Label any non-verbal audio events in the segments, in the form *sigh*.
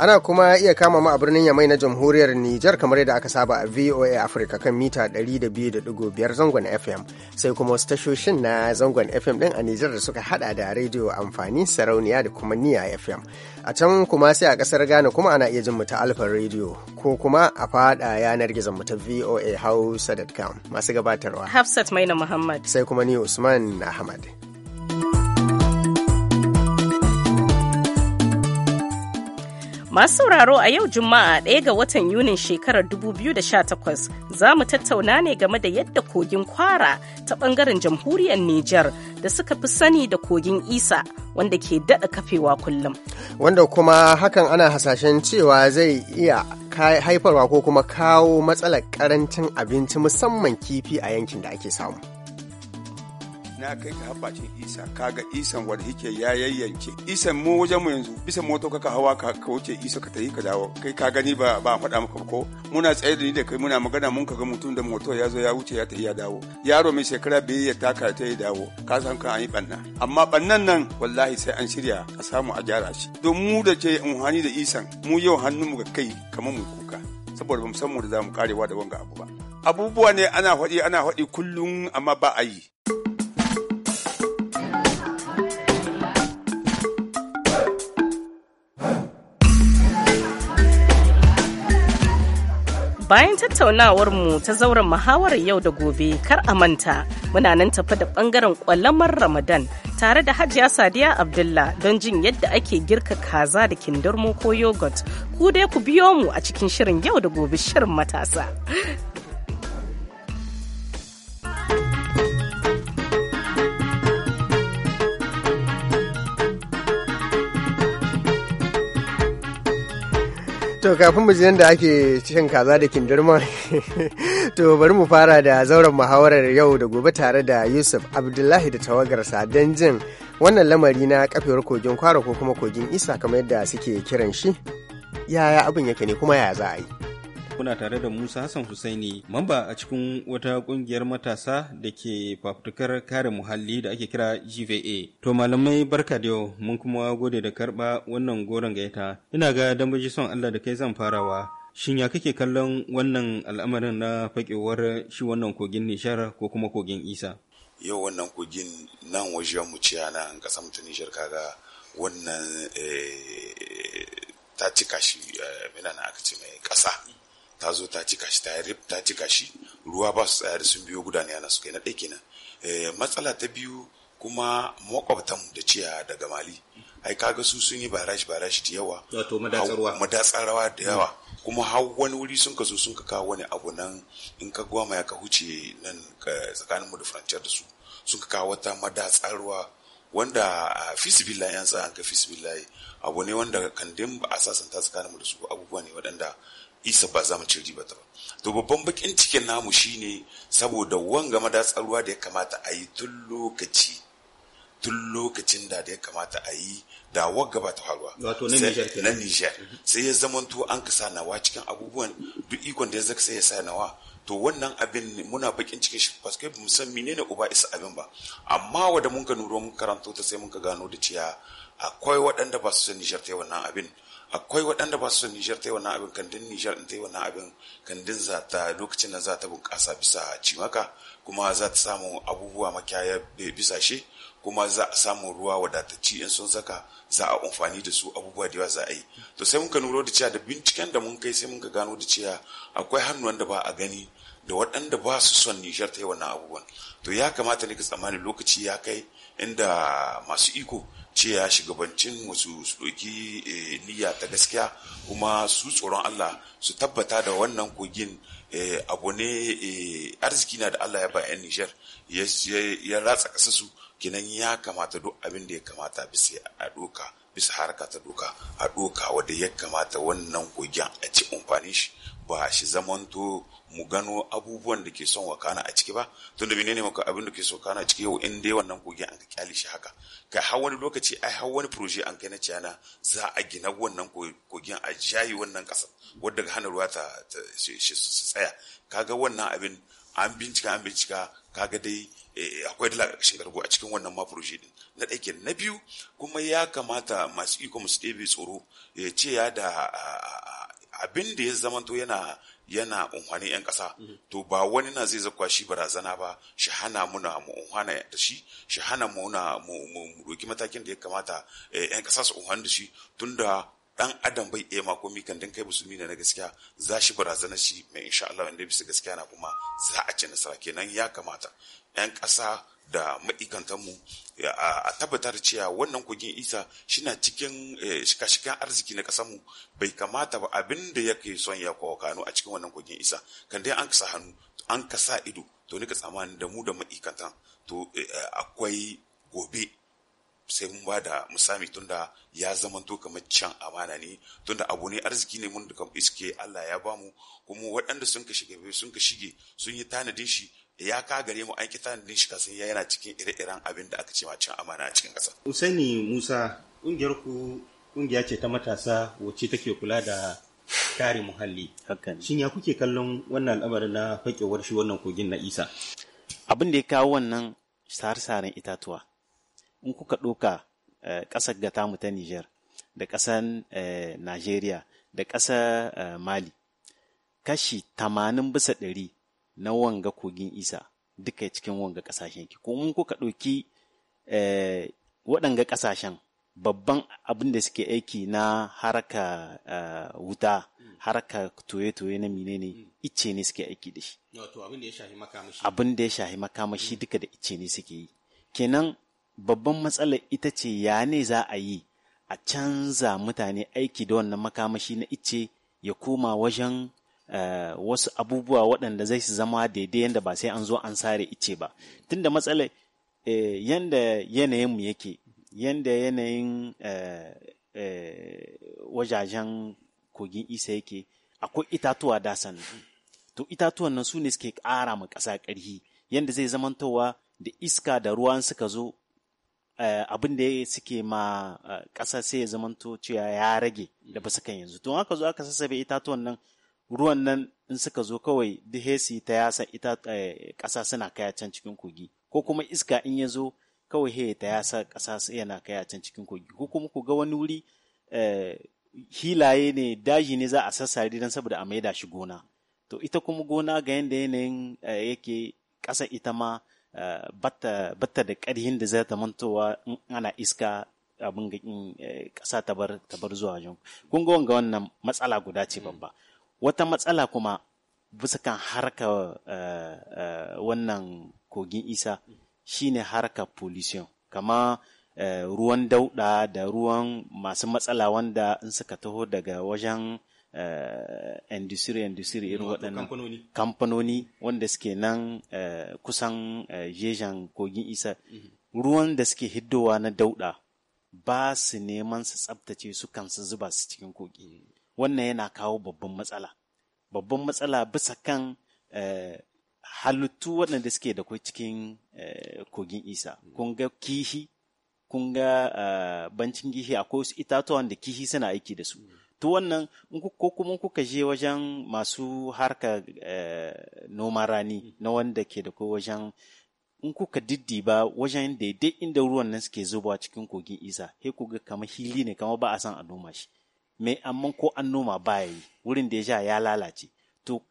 ana kuma iya kama mu a birnin yamai na jamhuriyar Nijar kamar yadda aka saba a VOA Africa kan mita 200.5 zangon FM sai kuma wasu tashoshin na zangon FM din a Nijar da suka hada da rediyo amfani sarauniya da kuma niya FM a can kuma sai a kasar Ghana kuma ana iya jin mu ta Alfa rediyo ko kuma a fada yanar gizon mu ta VOA Hausa.com masu gabatarwa Hafsat Maina Muhammad sai kuma ni Usman Ahmad Masu sauraro a yau Juma'a ɗaya ga watan Yunin shekarar 2018 za mu tattauna ne game da yadda kogin kwara ta ɓangaren jamhuriyar Nijar da suka fi sani da kogin Isa wanda ke daɗa kafewa kullum. Wanda kuma hakan ana hasashen cewa zai iya haifarwa ko kuma kawo matsalar ƙarancin abinci musamman kifi a yankin da ake samu. na kai ka habbacin isa kaga isan wadda yake ya yayyance isan mu wajen mu yanzu bisa moto ka ka hawa ka wuce isa ka tafi ka dawo kai ka gani ba ba faɗa maka ko muna tsaye da ni da kai muna magana mun kaga mutum da moto ya zo ya wuce ya tafi ya dawo yaro mai shekara biyu ya taka ta ya dawo ka san kan an yi banna amma bannan nan wallahi sai an shirya a samu a gyara shi don mu da je unhani da isan mu yau hannun mu ga kai kamar mu kuka saboda bamu san mu da zamu karewa da wanga abu ba abubuwa ne ana faɗi ana faɗi kullum amma ba a yi Bayan tattaunawar mu ta zauren muhawarar yau da gobe kar a manta muna nan tafi da bangaren kwalamar Ramadan tare da Hajiya Sadiya Abdullah don jin yadda ake girka kaza da kindirmo ko yogurt. Ku dai ku biyo mu a cikin shirin yau da gobe shirin matasa. To kafin mu da ake cikin kaza da kindirma *laughs* to bari mu fara da zauren muhawarar yau da gobe tare da Yusuf Abdullahi da tawagarsa don jin wannan lamari na kafewar kogin kwara ko kuma kogin isa kamar yadda suke kiran shi yaya abin yake ne kuma yaya za a yi. kuna tare da Musa Hassan Husaini, mamba a cikin wata kungiyar matasa da ke fafutukar kare muhalli da ake kira GVA. To malamai barka da yau mun kuma gode da karɓa wannan goron gaita. Ina ga dambaji son Allah da kai zan farawa. Shin ya kake kallon wannan al'amarin na fakewar shi wannan kogin Nishar ko kuma kogin Isa? Yau wannan kogin nan wajen mu ciyana an ƙasa mutum Nishar kaga wannan eh, ta cika shi eh, mina na aka ce mai ƙasa ta zo ta cika shi ta rip ta cika shi ruwa ba su tsaya da sun biyo gudane yana su kai na ɗaya kenan eh, matsala ta biyu kuma makwabtan da ciya daga mali ai kaga su sun yi barashi barashi da yawa wato madatsarwa Madatsarwa da yawa kuma har wani wuri sun ka zo sun ka kawo wani abu nan in ka goma ya ka huce nan tsakanin mu da frontier da su sun ka kawo wata madatsarwa wanda a yan yan an ka fisibila abu ne wanda kan ba a sasanta mu da su abubuwa ne waɗanda isa ba za mu ci riba ta ba to babban bakin cikin namu shine saboda wanga madatsar tsaruwa da ya kamata a yi tun lokaci tun lokacin da da ya kamata a yi da wagga ba ta faruwa na Niger sai ya zamanto an ka nawa cikin abubuwan duk ikon da ya zaka sai ya sa nawa to wannan abin muna bakin cikin shi paske mu san menene uba isa abin ba amma wanda mun ka nuro mun karanto ta sai mun ka gano da cewa akwai waɗanda ba su san Niger ta wannan abin akwai waɗanda ba su son Nijar ta yi wannan abin kandin Nijar ta yi wannan abin kandin za ta lokacin da za ta bunƙasa bisa cimaka kuma za ta samu abubuwa makiyaya bisa shi kuma za a samu ruwa wadatacci in sun zaka za a amfani da su abubuwa da yawa za a yi to sai muka nuro da cewa da binciken da mun kai sai mun muka gano da cewa akwai hannuwan da ba a gani da waɗanda ba su son nishar ta yi wannan abubuwan to ya kamata ne ka tsammani lokaci ya kai inda masu iko ce ya shugabancin wasu su eh, niyya ta gaskiya kuma su tsoron Allah su tabbata da wannan kogin eh, abu ne eh, arziki na da Allah ya ba 'yan ya ratsa ƙasa su kinan ya kamata duk abin da ya kamata bisa a doka bisa harka ta doka a doka wadda ya kamata wannan kogin a ci umfani shi ba shi zamanto mu gano abubuwan da ke son wa kana a ciki ba tun da ne maka abin da ke son kana a ciki yau in dai wannan kogi an ka kyale shi haka ka har wani lokaci ai har wani proje an kai na ciyana za a gina wannan kogin a jayi wannan kasa wadda hana ruwa ta shi tsaya kaga wannan abin an bincika an bincika kaga dai eh, akwai dala ƙarƙashin gargo a cikin wannan ma proje din na ɗaya na biyu kuma ya kamata masu iko musu ɗebe tsoro ya ce ya da abin da ya zamanto yana yana unhwani yan ƙasa mhm. to ba wani na zai zakwa shi barazana ba shi hana muna mu unhwana da shi shi hana muna mu doki matakin da ya kamata eh, yan ƙasa su unhwani da shi tunda dan adam bai iya ma komi kan dan kai musulmi ne na gaskiya za shi barazana shi mai insha Allah inda bisa gaskiya na kuma za a ci nasara kenan ya kamata yan ƙasa da mu a tabbatar cewa wannan kogin isa shina cikin eh, shika arziki na mu bai kamata ba abin da ya kai son ya kawo kano a cikin wannan kogin isa kan dai an kasa hannu an kasa ido to ni ka tsammanin da mu da ma'aikatan to eh, akwai gobe sai mun ba da musami tunda ya zama zamanto kamar can amana ne tunda abu ne arziki ne mun da iske Allah ya bamu kuma waɗanda sun ka shige sun ka shige sun yi tanadin shi ya ka gare mu an ki tanadin shi kasan ya yana cikin ire-iren abin da aka ce ma can amana a cikin ƙasa. Usaini Musa ƙungiyar ku ƙungiya ce ta matasa wacce take kula da kare muhalli. Hakan. Shin ya kuke kallon wannan al'amarin na fakewar shi wannan kogin na Isa? Abin da ya kawo wannan sare itatuwa. in kuka ɗoka eh, ƙasar ga tamu ta Nijar da ƙasar eh, Najeriya da ƙasar eh, Mali kashi tamanin bisa ɗari na wanga kogin isa duka cikin wanga ƙasashen ki ko in kuka ɗoki waɗanga ƙasashen babban abin da suke aiki na haraka wuta haraka toye-toye na ne, ice ne suke aiki da shi abin da ya shahi makamashi duka da ice ne suke yi kenan babban matsala ita ce ya ne za a yi a canza mutane aiki da wannan makamashi na ice ya koma wajen eh, wasu abubuwa waɗanda zai su zama daidai yadda ba sai an zo an sare ice ba tunda matsalar eh, yanda yanayinmu yake yanda yanayin eh, wajajen kogin isa yake akwai itatuwa da dasan to itatuwan nan su ne suke ƙara ma ƙasa ƙarfi yanda zai zamantowa da iska da ruwan suka zo Eh, abin da suke ma eh, ƙasa sai ya zamanto cewa ya rage da ba su kan yanzu to aka zo aka sassabe itatuwan nan ruwan nan in suka zo kawai dihesi ta yasa ita eh, ƙasa suna kaya can cikin kogi ko kuma iska in ya zo kawai he ta yasa ƙasa yana kaya can cikin kogi ko kuma ku ga wani wuri hilaye ne daji ne za a sassare don saboda a maida shi gona to ita kuma gona ga yanda yanayin yake ƙasa ita ma batta da ƙarhin da zai tamantowa in ana iska abin ga eh, ƙasa ta bar zuwa wajen kun ga wannan matsala guda ce babba wata matsala kuma bisa kan harka eh, eh, wannan kogin isa shine harka pollution kama ruwan dauɗa da ruwan masu matsala wanda in suka taho daga wajen Eh, industry industry irin waɗannan kamfanoni wanda suke nan eh, kusan eh, jejan kogin isa mhm. ruwan da suke hiddowa na dauɗa ba su neman su tsabtace su kansu zuba su cikin kogi mhm. wannan yana kawo babban matsala babban matsala bisa kan halittu waɗanda suke da kwai cikin kogin isa mhm. kun ga kihi kun ga bancin kihi akwai wasu itatuwan da kihi suna aiki da su to wannan ko kuma kuka je wajen masu harka eh, noma rani na wanda ke da wajen in kuka diddiba wajen daidai inda ruwan nan suke zubawa cikin kogin isa he ku ga kamar hili ne kama ba a san a noma shi me amma ko an noma baya yi wurin da ya sha ya lalace to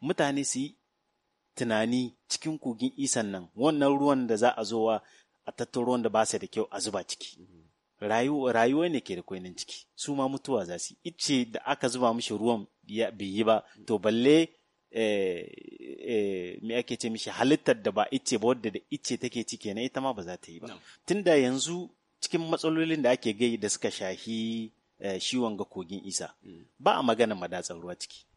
mutane su yi tunani cikin kogin isan nan wannan ruwan da za a zo wa a tattaro wanda ba su da kyau a zuba ciki rayuwa ne ke da kwainan ciki su ma mutuwa za su ice da aka zuba mishi ruwan bai yi ba to balle eh, eh, me ake ce mishi halittar da ba ice ba wadda da ice take ciki na ita ma ba za ta yi ba tunda yanzu cikin matsalolin da ake gai da suka shahi eh, shiwon ga kogin isa mm. ba a magana madatsar ruwa ciki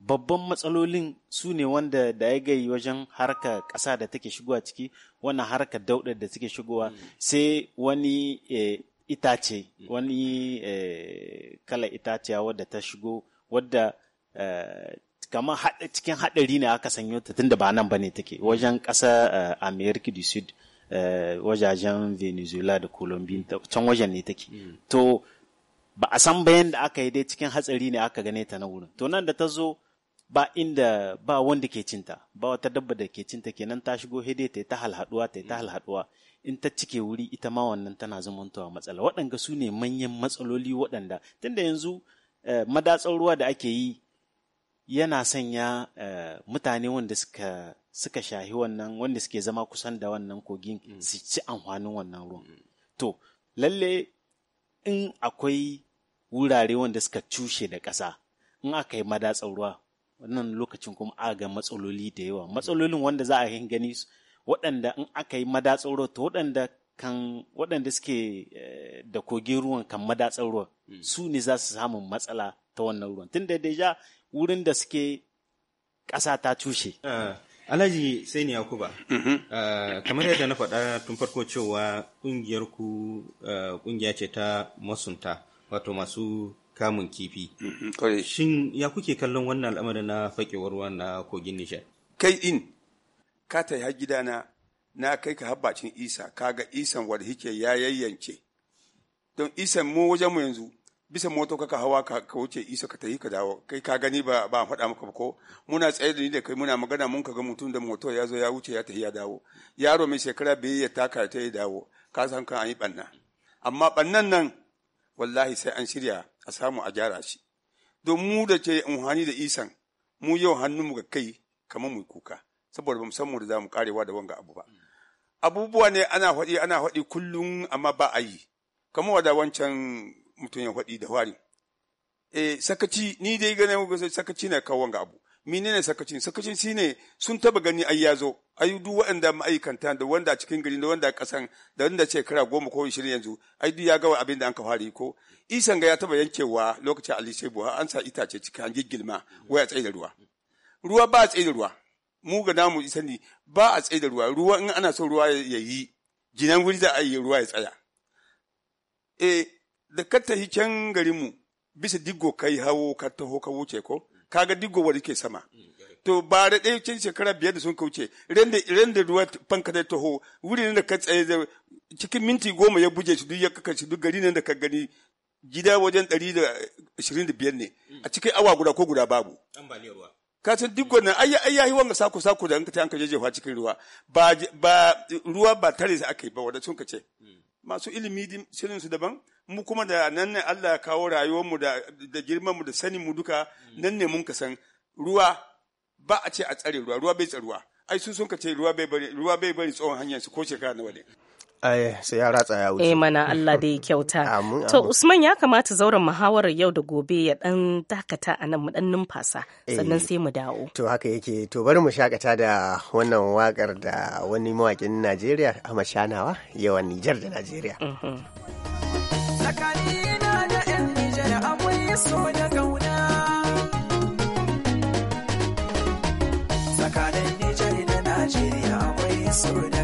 babban matsalolin su ne wanda da ya gai wajen harka ƙasa da take shigowa ciki wannan harka dauɗa da take shigowa mm. sai wani eh, itace wani eh, kala itace wadda ta shigo wadda eh, kamar cikin haɗari ne aka sanyo ta tunda ba nan ba ne take wajen ƙasa america du sud wajajen venezuela da colombia can wajen ne take mm. to ba a san bayan da aka yi dai cikin hatsari ne aka gane ta na wurin to nan da ta zo ba inda ba wanda ke cinta ba wata dabba da ke cinta kenan ta shigo hede ta ta halhaduwa ta ta halhaduwa in ta cike wuri ita ma wannan tana zamantowa matsala waɗanda su ne manyan matsaloli waɗanda tunda yanzu eh, madatsar ruwa da ake yi yana sanya eh, mutane wanda suka suka shahi wannan wanda suke zama kusan da wannan kogin mm. su ci amfanin wannan ruwan to lalle in akwai wurare wanda suka cushe da ƙasa in aka yi madatsar ruwa wannan lokacin kuma a ga matsaloli da yawa matsalolin wanda za a gani waɗanda in aka yi madatsar ruwa to waɗanda kan waɗanda suke eh, da kogin ruwan kan madatsar hmm. su ne za su samu matsala ta wannan ruwan tunda deja wurin da suke ƙasa ta tushe ah, Alhaji sai ni Yakuba. Mm-hmm. Ah, kamar yadda na faɗa tun farko cewa ƙungiyar ku ah, ƙungiya ce ta masunta, wato masu kamun kifi. Mm-hmm, Shin ya kuke kallon wannan al'amarin na fakewar ruwa na kogin Nijar? Kai in, ka ta har gidana na kai ka habbacin Isa, ka ga Isan wadda hike ya yayyance. Don Isan mu wajen mu yanzu, bisa moto kaka hawa ka wuce Isa ka yi ka dawo, kai ka gani ba ba faɗa maka ba ko muna tsaye da ni da kai muna magana mun ka ga mutum da moto ya zo ya wuce ya tafi ya dawo. Yaro mai shekara biyu ya taka ta yi dawo, ka san kan an yi ɓanna. Amma ɓannan nan wallahi sai an shirya a samu a gyara shi don mu da ce amfani da isan mu yau hannunmu ga kai kamar mu kuka saboda bamu san mu da za mu karewa da wanga abu ba abubuwa ne ana faɗi ana faɗi kullum amma ba a yi kamar wada wancan mutum ya faɗi da wari eh sakaci ni dai ganin sakaci na kawo wanga abu menene sakacin sakacin shine sun taba gani ai ya zo ai duk waɗanda ma'aikanta da wanda cikin gari da wanda a ƙasan da wanda ce kira goma ko ishirin yanzu ai duk ya ga abin da an ka fara ko isan ga ya taba yankewa lokacin ali shebu an sa itace cikin an giggilma waya tsaye da ruwa ruwa ba a da ruwa mu ga namu isa ni ba a tsaye da ruwa ruwa in ana so ruwa ya yi ginan wuri za a yi ruwa ya tsaya e da katta hi can garinmu bisa diggo kai hawo ka taho ka wuce ko kaga digowar yake sama to ba da ɗaya cin shekara biyar da sun kauce ren da ruwa fanka da taho wurin da ka tsaye da cikin minti goma ya buje shi duk ya kaka duk gari nan da ka gani gida wajen ɗari da ashirin da biyar ne mm. a cikin awa guda ko guda babu ka san duk wannan ayi ayi ayi wanga sako sako da an ka ta an jeje jejewa cikin ruwa ba ba ruwa ba tare sa aka yi ba wanda sun ka ce mm. masu ilimi sirrin su daban mu kuma da nan ne Allah ya kawo rayuwarmu da da girmanmu da saninmu duka mm. nan ne mun kasan ruwa ba a ce a tsare ruwa ruwa bai tsaruwa ai sun sun ka ce ruwa bai bari ruwa bai bari tsohon hanyar su ko shekara nawa ne Ai, sai ya ratsa ya wuce. Eh mana Allah dai kyauta. *laughs* to Usman ya kamata zauren muhawarar yau da gobe ya dan dakata a nan mu dan numfasa eh. sannan sai mu dawo. To haka yake to bari mu shakata da wannan wakar da wani mawakin Najeriya Ahmad Shanawa yawan Nijar da Najeriya. Mhm. tsakanina da 'yan Nijar akwai so da ƙauna. Tsakanin Nijar da Najeriya akwai so da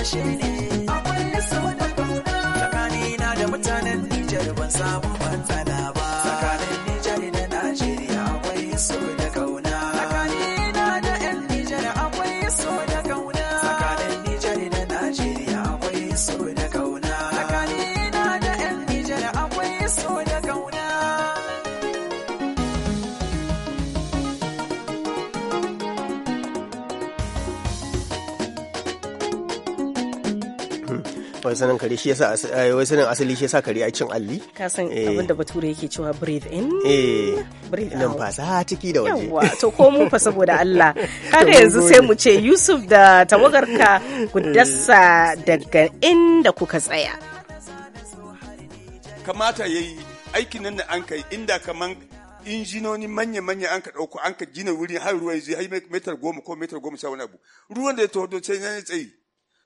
kashe ne. A sau da kauna. Tsakanina da mutanen Nijar ban samu matsala. sanin kare shi yasa eh, wai sanin asali shi yasa kare ai cin alli ka san eh. abin da bature yake cewa breathe in eh. breathe out numfasa ciki da waje yawa to ko mu fa saboda *laughs* Allah har yanzu sai mu ce Yusuf da tawagarka ku dasa daga inda kuka tsaya kamata yayi aikin nan da an kai inda kaman injinoni manya-manya an ka ɗauko an ka gina wuri har ruwa ya je har metar goma ko metar goma sha wani abu ruwan da ya taho sai ya tsayi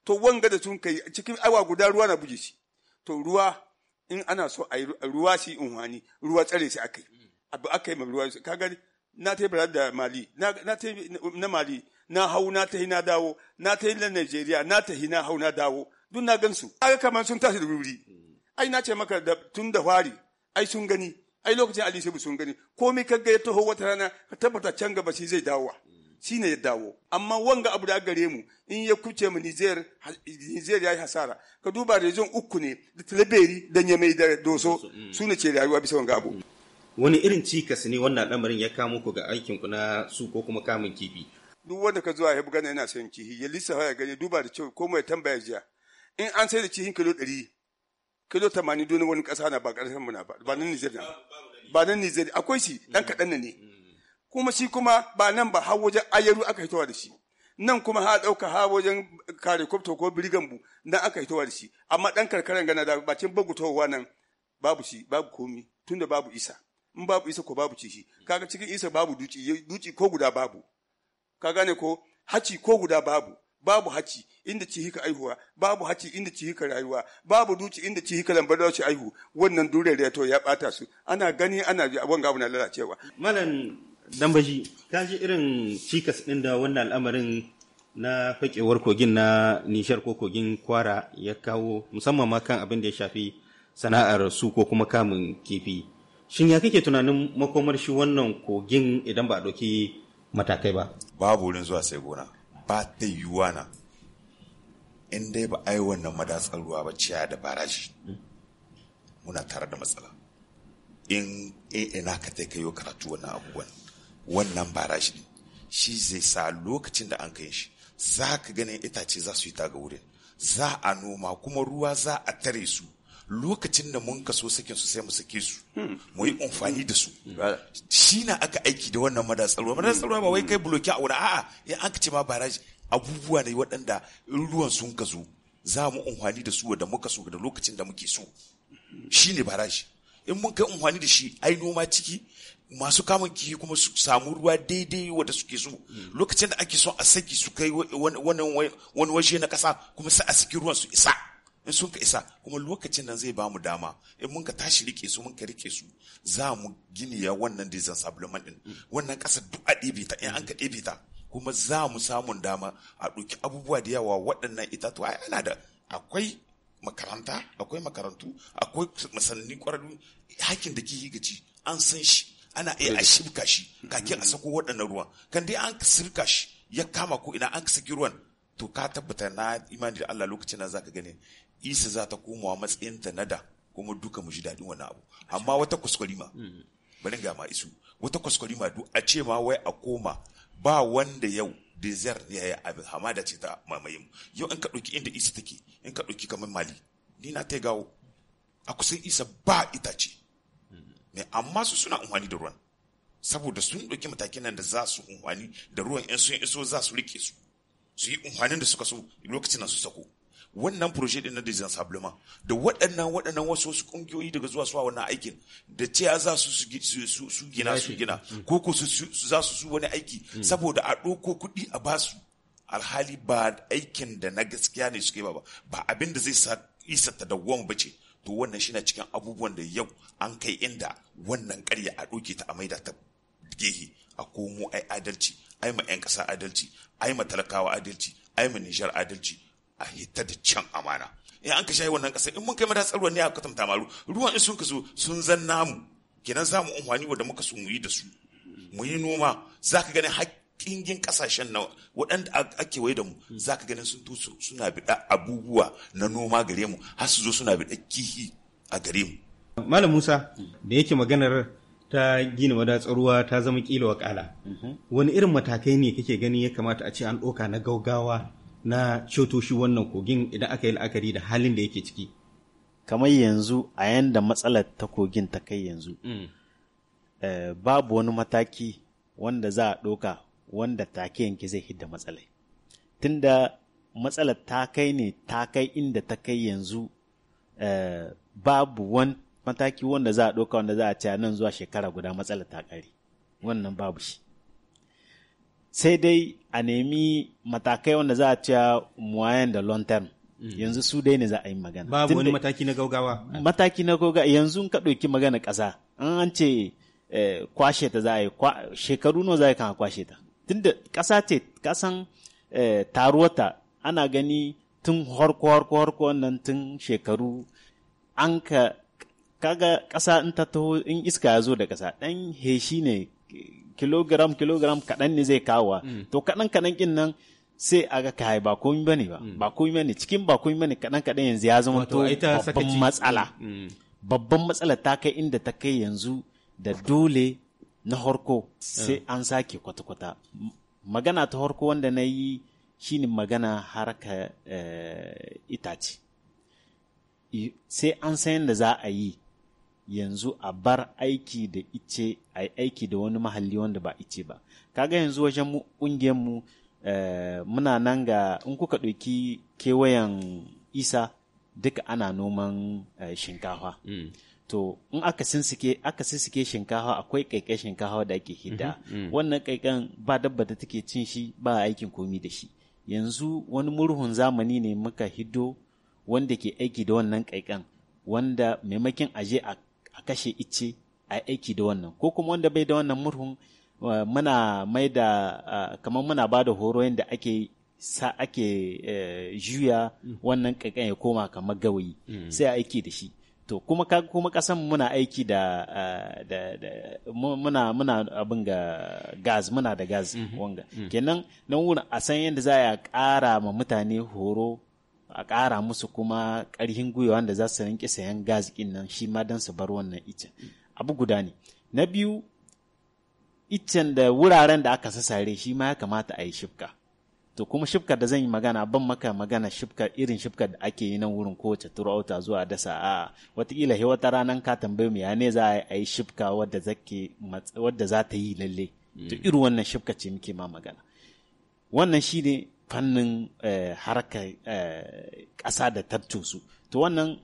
to wanga da sun kai cikin awa guda ruwa na buje shi to ruwa in ana so a ruwa shi unhwani ruwa tsare shi yi abu aka yi ruwa ka gani na ta yi da mali na mali na hau na ta yi na dawo na ta yi na Najeriya na ta yi na hau na dawo duk na gansu kaga kamar sun tashi da wuri ai na ce maka da tun da fari ai sun gani ai lokacin Ali sai sun gani komai kaga ta taho wata rana ka tabbata can gaba shi zai dawo ne ya dawo amma wanga abu da gare mu in ya kuce mu nijer ya yi hasara ka duba region uku ne da talibari da nyame da Doso mm. su ne ce rayuwa bisa wanga abu mm. wani irin cikas ne wannan lamarin ya kamo ku ga aikin ku na su ko kuma kamun kifi duk wanda ka zuwa ya buga yana sayan kifi ya lissa ya gani duba da cewa ko mai tambaya jiya in an sai da kifin kilo 100 kilo 80 don wani kasa na ba kasar mu na ba ba nan nijer ba nan nijer akwai shi dan mm. kadan ne kuma shi kuma ba nan ba har wajen ayaru aka hitowa da shi nan kuma ha dauka ha wajen kare kwafta ko birigambu nan aka hitowa da shi amma dan karkaran gana da bacin bagutowa nan babu shi babu komi tunda babu isa in babu isa ko babu ci shi kaga cikin isa babu duci duci ko guda babu ka gane ko haci ko guda babu babu haci inda ci hika aihuwa babu haci inda ci hika rayuwa babu duci inda ci hika lambar da aihu wannan dure da ya to ya bata su ana gani ana wanga abu na lalacewa malam dambaji ka ji irin cikas ɗin da wannan al'amarin na fakewar kogin na nishar ko kogin kwara ya kawo musamman ma kan abin da ya shafi sana'ar su ko kuma kamun kifi shin ya kake tunanin makomar shi wannan kogin idan ba a ɗauki matakai ba babu wurin zuwa sai gona ba ta yiwuwa na in dai ba a yi wannan madatsar ruwa ba ciya da baraji muna tare da matsala in ina ka kai kayo karatu wannan abubuwan wannan barashi ne shi zai sa lokacin da an kai shi za ka ganin itace za su yi ta ga wurin za a noma kuma ruwa za a tare su lokacin da mun kaso sakin su sai mu sake su mu yi amfani da su shi na aka aiki da wannan madatsar ruwa madatsar ruwa ba wai kai buloki a wani a'a ya an ce ma baraji abubuwa ne waɗanda ruwan sun kaso za mu amfani da su da muka so da lokacin da muke so shi ne baraji in mun kai amfani da shi ai noma ciki masu kamun kifi kuma su samu ruwa daidai wanda suke so hmm. lokacin da ake so a saki su kai wani waje na kasa kuma sai a saki ruwan su isa in sun ka isa kuma lokacin nan zai ba mu dama in mun ka tashi rike su mun ka rike su za mu giniya wannan dizan sableman din hmm. wannan kasa duk a ɗebe ta in an ka ɗebe ta kuma za mu samun dama a ɗauki abubuwa da yawa waɗannan itatuwa yana da akwai makaranta akwai makarantu akwai masannin kwararru hakin da ke gaci an san shi ana iya a shibka shi kakin a sako waɗannan ruwan kan dai an sirka shi ya kama ko ina an saki ruwan to ka tabbata na imani da Allah lokacin nan zaka gane isa za ta komawa matsayin ta nada kuma duka mu ji dadin wani abu amma wata kuskurima bari ga ma isu wata kuskurima duk a ce ma wai a koma ba wanda yau dezer ne ya abin hamada ce ta mamaye mu yau in ka ɗauki inda isa take in ka ɗauki kamar mali ni na ta gawo a kusan isa ba itace mai amma su suna unhwani da ruwan saboda sun ɗauki matakin nan da za su unhwani da ruwan in sun iso za su rike su su yi unhwanin da suka so lokacin nan su sako wannan proje din na design sablema da waɗannan waɗannan wasu wasu ƙungiyoyi daga zuwa suwa wannan aikin da ce za su su gina su gina mm. ko ko su za su su wani aiki mm. saboda a ɗauko kuɗi a ba su alhali ba aikin da na gaskiya ne suke ba ba abin da zai sa isa ta dawwam ba ce to wannan shi na cikin abubuwan da yau an kai inda wannan karya a ɗauke ta a maida ta gehe a komo ai adalci ai ma 'yan ƙasa adalci ai ma talakawa adalci ai ma nijar adalci a hita da can amana in an ka wannan ƙasa in mun kai mata tsaro ne a ta maru ruwan in sun kaso sun zan namu kenan zamu amfani da muka so mu yi da su mu yi noma za ka gani ƙingin ƙasashen na waɗanda ake waye da mu za ka ganin sun tusu suna biɗa abubuwa na noma gare mu har su zo suna biɗa kihi a gare mu. Malam Musa da yake maganar ta gina wadatsaruwa ta zama kila ƙala wani irin matakai ne kake gani ya kamata a ce an ɗoka na gaugawa na ceto shi wannan kogin idan aka yi la'akari da halin da yake ciki. Kamar yanzu a yanda matsalar ta kogin ta kai yanzu. Mm. Eh, babu wani mataki wanda za a ɗoka wanda take yanke zai hidda matsalai tunda matsalar ta kai ne ta kai inda ta kai yanzu eh, babu wani mataki wanda za a ɗauka wanda za a ce nan zuwa shekara guda matsalar ta ƙare wannan babu shi sai dai a nemi matakai wanda za a ce muwayan da long term mm. yanzu su dai ne za a yi magana babu wani mataki na gaugawa mataki na gaugawa yanzu ka ɗauki magana ƙasa an an ce eh, kwashe ta za a yi shekaru nawa za a yi kan kwashe ta tunda ƙasa ce ƙasan eh, taruwata ana gani tun harko harko harko nan tun shekaru an ka kaga ƙasa in ta taho in iska ya zo da ƙasa ɗan heshi ne kilogram kilogram kaɗan ne zai kawa mm. to kaɗan kaɗan ƙin nan sai a ga kai ba komi ba ne ba mm. ba komi ba ne cikin ba komi ba ne kaɗan kaɗan yanzu ya zama to babban matsala mm. babban matsala ta kai inda ta kai yanzu da dole na harko eh. sai an sake kwata-kwata magana ta harko wanda na yi shine magana harka eh, itace sai an san yadda za a yi yanzu a bar aiki da ice a aiki da wani mahalli wanda ba ice ba kaga yanzu wajen mu eh, muna nan ga in kuka ɗauki kewayen isa duka ana noman shinkafa mm. to in aka sinsike aka sinsike shinkafa akwai kaikai shinkafa da ake hidda mhm, mm. wannan kaikan ba dabba da take cin shi ba aikin komi da shi yanzu wani murhun zamani ne muka hiddo wanda ke aiki da wannan kaikan wanda maimakin aje a kashe icce a aiki da wannan ko kuma wanda bai da wannan murhun muna mai da kamar muna ba da horo yadda ake sa ake eh, juya mm. wannan kaikan ya koma kamar gawayi mm. sai a aiki da shi to kuma ka kuma kasan muna aiki da, da, muna abin ga gas muna da gas mhm. wanga mhm. kenan nan wurin a san yadda za a ƙara ma mutane horo a ƙara musu kuma ƙarhin gwiwa da za su rinƙi sayan gas ɗin nan shi ma don su bar wannan icen abu guda ne na biyu icen da wuraren da aka sassare shi ma ya kamata a yi shifka to kuma shifkar da zan yi magana ban maka magana shifkar irin shifkar da ake yi nan wurin kowace turauta zuwa dasa a watakila he wata ranar ka tambayi mu ya ne za a yi shifka wadda za ta yi lalle to mm. irin wannan shifka ce muke ma magana wannan shi ne fannin eh, harkar eh, ƙasa da tattosu to wannan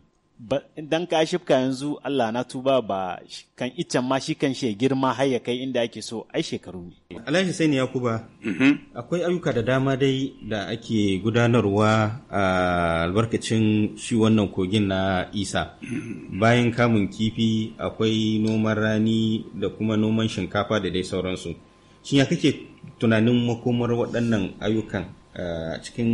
dan ka shifka yanzu Allah na tuba ba kan iccen ma shi kan girma har ya kai inda ake so ai shekaru ne. Alhaji Sani Yakuba, mm-hmm. akwai ayyuka da dama dai da ake gudanarwa a albarkacin shi wannan kogin na Isa. Mm-hmm. Bayan kamun kifi akwai noman rani da kuma noman shinkafa da dai sauransu. Shin ya kake tunanin makomar waɗannan ayyukan cikin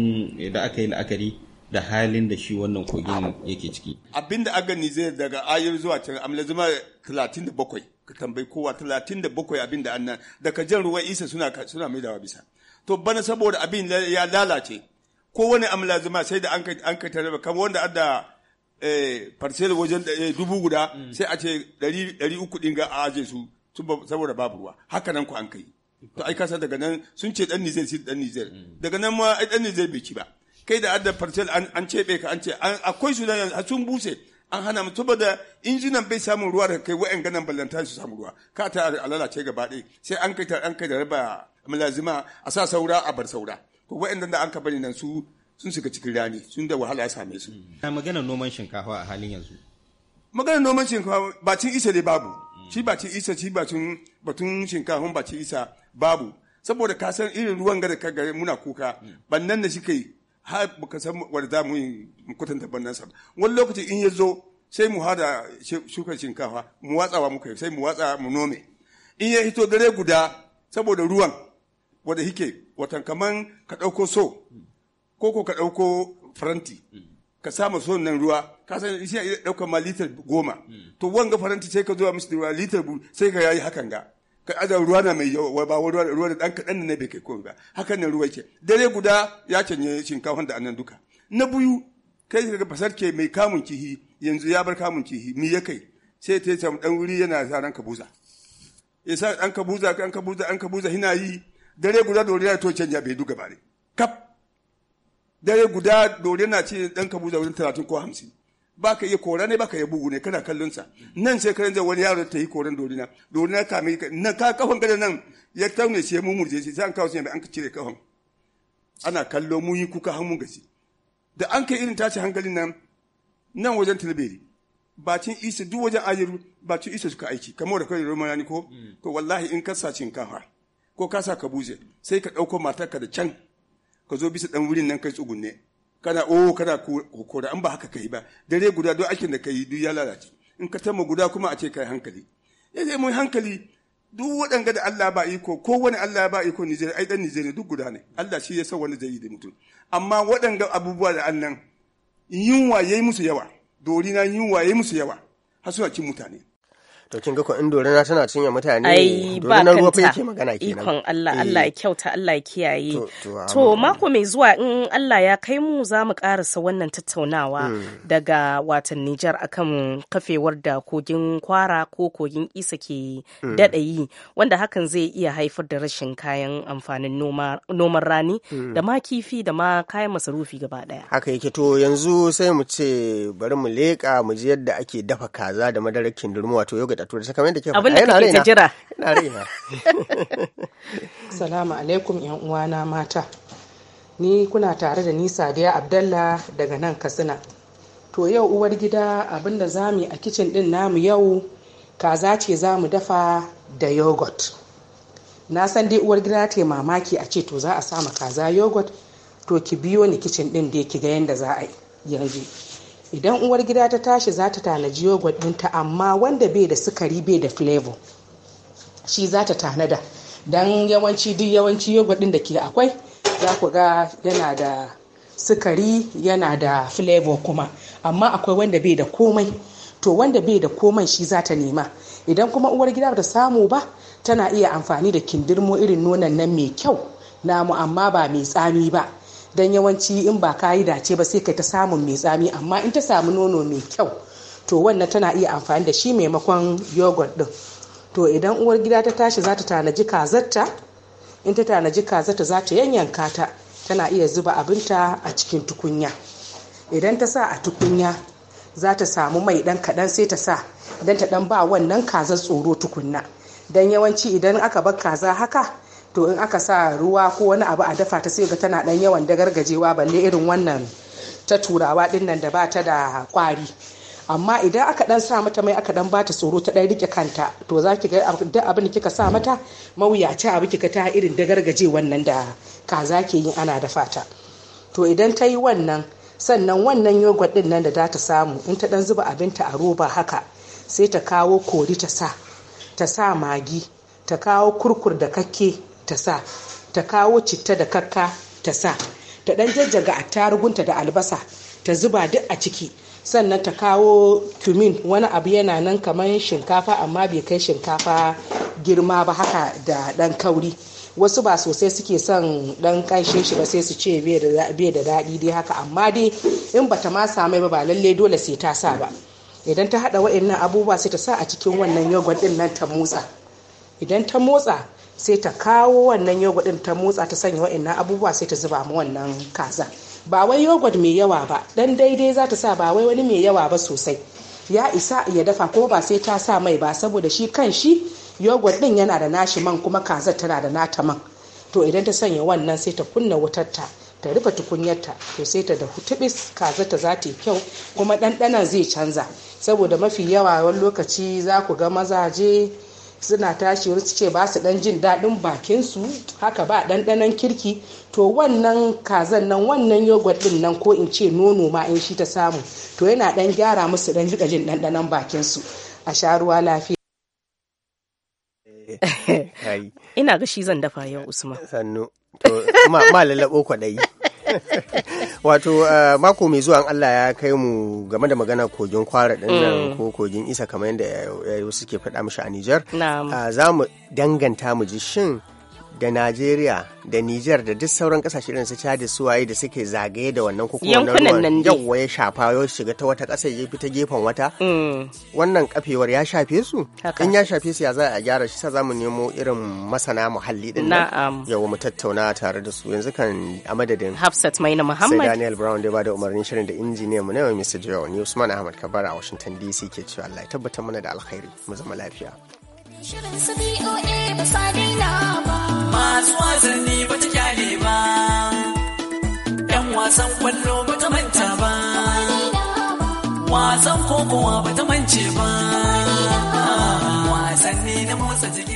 da aka yi la'akari da halin da shi wannan kogin yake ciki. Abin da agani zai daga ayar zuwa can amla zama 37 ka tambayi kowa 37 abin da annan daga jan ruwan isa suna suna dawa bisa. To bana saboda abin ya lalace ko wani amla zama sai da an ka tare kamar wanda adda eh, parcel wajen eh, dubu guda mm. sai a ce 300 dinga a aje su saboda babu ruwa haka nan ku an kai. To ai kasa daga nan sun ce dan Nijar sai dan Nijar mm. daga nan ma ai dan Nijar bai ci ba. kai da adda parcel an cebe ka an ce akwai su sun buse an hana mu saboda injinan bai samun ruwa da kai wa'en ganan ballanta su samu ruwa ka ta a lalace gaba ɗaya sai an kai an kai da raba mulazima a sa saura a bar saura ko wa'en da an ka bari nan su sun shiga cikin rani sun da wahala ya same su na maganar noman shinkafa a halin yanzu maganar noman shinkafa bacin isa ne babu shi bacin isa shi bacin batun ba bacin isa babu saboda ka san irin ruwan gari ka muna kuka bannan da shi kai har baka san wanda za mu yi kwatanta bannan ba wani lokaci in ya zo sai mu hada shukar shinkafa mu watsawa muka yi sai mu watsa mu nome in ya hito dare guda saboda ruwan wanda hike watan kaman ka ɗauko so ko ko ka ɗauko faranti ka sama son nan ruwa ka san shi ya ɗauka ma litar goma hmm. to wanga faranti sai ka zuwa musu ruwa litar sai ka yayi hakan ga ka aza ruwa na mai yawa ba wa ruwa da dan kadan ne bai kai komai ba hakan ne ruwa ke dare guda ya canye shinkafa da annan duka na biyu kai ka ga fasar ke mai kamun kihi yanzu ya bar kamun kihi mi ya kai sai ta samu dan wuri yana zaran kabuza ya sa ɗan kabuza kan kabuza an kabuza hina yi dare guda ya to canja bai ba ne kap dare guda dole yana ce dan kabuza wajen talatin ko hamsin. ba ka iya kora ne ba ka iya bugu ne kana kallon sa nan sai karen wani yaro ta yi koran dorina dorina ka mai na ka kafan gada nan ya taune shi mu murje shi zan kawo shi an ka cire kafan ana kallo mu yi kuka mun gasi da an kai irin tashi hankalin nan nan wajen ba bacin isa duk wajen ba bacin isa suka aiki kamar da kai ni ko ko mm. wallahi in ka sa cin kafa ko ka sa ka buje sai ka dauko matarka da can ka zo bisa dan wurin nan kai tsugunne kana o oh, kana kokora an ba haka kai ba dare guda don aikin da kai duk ya lalace in ka tama guda kuma a ce kai hankali ya zai mun hankali duk waɗanga da Allah ba iko ko wani Allah ba iko zai ai dan zai duk guda ne Allah shi ya san wani zai yi da mutum amma waɗanga abubuwa da annan yunwa yayi musu yawa dori na yunwa yayi musu yawa har suna cin mutane to kin ga ko in dorina tana cinye mutane ai ba kanta ruwa yake magana kenan ikon Allah eh. Allah ya kyauta Allah ya kiyaye to mako mai zuwa in Allah ya kai mu za mu karasa wannan tattaunawa hmm. daga watan Nijar akan kafewar da kogin kwara ko kogin isa ke hmm. daɗayi wanda hakan zai iya haifar da rashin kayan amfanin noman rani hmm. da ma kifi da ma kayan masarufi gaba daya haka yake to yanzu sai mu ce bari mu leƙa mu ji yadda ake dafa kaza da madarar kindurmo wato yogurt da turanci kamar yadda ke faɗa yana raina jira yana raina *laughs* assalamu alaikum yan uwana mata ni kuna tare da ni Sadiya Abdalla daga nan Katsina to yau uwar gida abinda zamu a kicin din namu yau kaza ce zamu dafa da yogurt na san dai uwar gida ta mamaki a ce to za a sa ma kaza yogurt to ki biyo ni kicin din dai ki ga yadda za a yi yanzu idan uwar gida ta tashi za ta tanaji yogurt ɗinta amma wanda bai da sukari bai da flavor shi za ta tanada don yawanci duk yawanci yogurt ɗin da ke akwai za ku ga yana da sukari yana da flavor kuma amma akwai wanda bai da komai to wanda bai da komai shi za ta nema idan kuma uwar gida ba ta samu ba tana iya amfani da kindirmo irin nonon nan mai kyau namu amma ba mai tsami ba don yawanci in ba ka yi dace ba sai kai ta samun mai tsami amma in ta samu nono mai kyau to wannan tana iya amfani da shi maimakon yogurt din to idan uwar gida ta tashi za ta tanaji kazarta in ta tanaji kazarta za ta yanyanka ta tana iya zuba abinta a cikin tukunya idan ta sa a tukunya za ta samu mai dan kaɗan sai ta sa dan ta dan ba wannan kazar tsoro tukunna dan yawanci idan aka bar kaza haka to in aka sa ruwa ko wani abu a dafa ta sai ga tana dan yawan dagargajewa balle irin wannan ta turawa din nan da bata da kwari amma idan aka dan sa mata mai aka dan bata tsoro ta dan rike kanta to za ki ga duk abin da kika sa mata mawuyaci abu kika ta irin dagargaje wannan da kaza ke yin ana dafa ta to idan ta yi wannan sannan wannan yogurt din nan da za ta samu in ta dan zuba abinta a roba haka sai ta kawo kori ta sa ta sa magi ta kawo kurkur da kakke ta sa ta kawo citta da kakka ta sa ta dan jajjaga attarugunta da albasa ta zuba duk a ciki sannan ta kawo tumin wani abu yana nan kamar shinkafa amma bai kai shinkafa girma ba haka da dan kauri wasu ba sosai suke son dan kanshin shi ba sai su ce bai da daɗi dai haka amma dai in ba ta ma samai ba ba lalle dole sai ta sa ba idan ta haɗa waɗannan abubuwa sai ta sa a cikin wannan yogon ɗin nan ta motsa idan ta motsa sai ta kawo wannan yogurt din ta motsa ta sanya wa'annan abubuwa sai ta zuba mu wannan kaza ba wai yogurt mai yawa ba dan daidai za ta sa ba wai wani mai yawa ba sosai ya isa ya dafa ko ba sai ta sa mai ba saboda shi kan shi yogurt din yana da nashi man kuma kaza tana da nata man to idan ta sanya wannan sai ta kunna wutarta ta rufe tukunyarta to sai ta da hutubis ta za ta yi kyau kuma ɗanɗanon zai canza saboda mafi yawa wani lokaci za ku ga mazaje suna tashi su ce ba su dan jin daɗin bakin su haka ba ɗanɗanon kirki to wannan kazan nan wannan yogurt din nan ko in ce nono ma in shi ta samu to yana dan gyara musu dan jika jin ɗanɗanon bakin su a sha ruwa lafiya eh, *laughs* ina ga shi zan dafa yau usman sannu to ma lalabo kwaɗayi *laughs* wato uh, mako mai zuwa Allah ya kai mu game da magana kogin kwara din nan mm. ko kogin isa kamar yadda wasu ke faɗa mashi a Nijar uh, za mu danganta mu ji shin da Najeriya da Nijar da duk sauran kasashe irin su Chad su waye da suke zagaye da wannan ko kuma ruwan yawwa ya shafa ya shiga ta wata kasa ya fita gefen wata mm. wannan kafewar ya shafe su in ya shafe su ya za a gyara shi sa zamu nemo irin masana muhalli din nan yawa mu tattauna tare da su yanzu kan a madadin Hafsat Maina Muhammad sai Daniel Brown da ba da umarnin shirin da injiniya mu ne Mr. Joe ni Usman Ahmad Kabara a Washington DC ke cewa Allah ya tabbatar mana da alkhairi mu zama lafiya shirin su BOA ba sa daina ba masu wasanni ba ta kyale ba yan wasan kwallo ba ta manta ba wasan kokowa ba ta mance ba wasanni na motsa jiki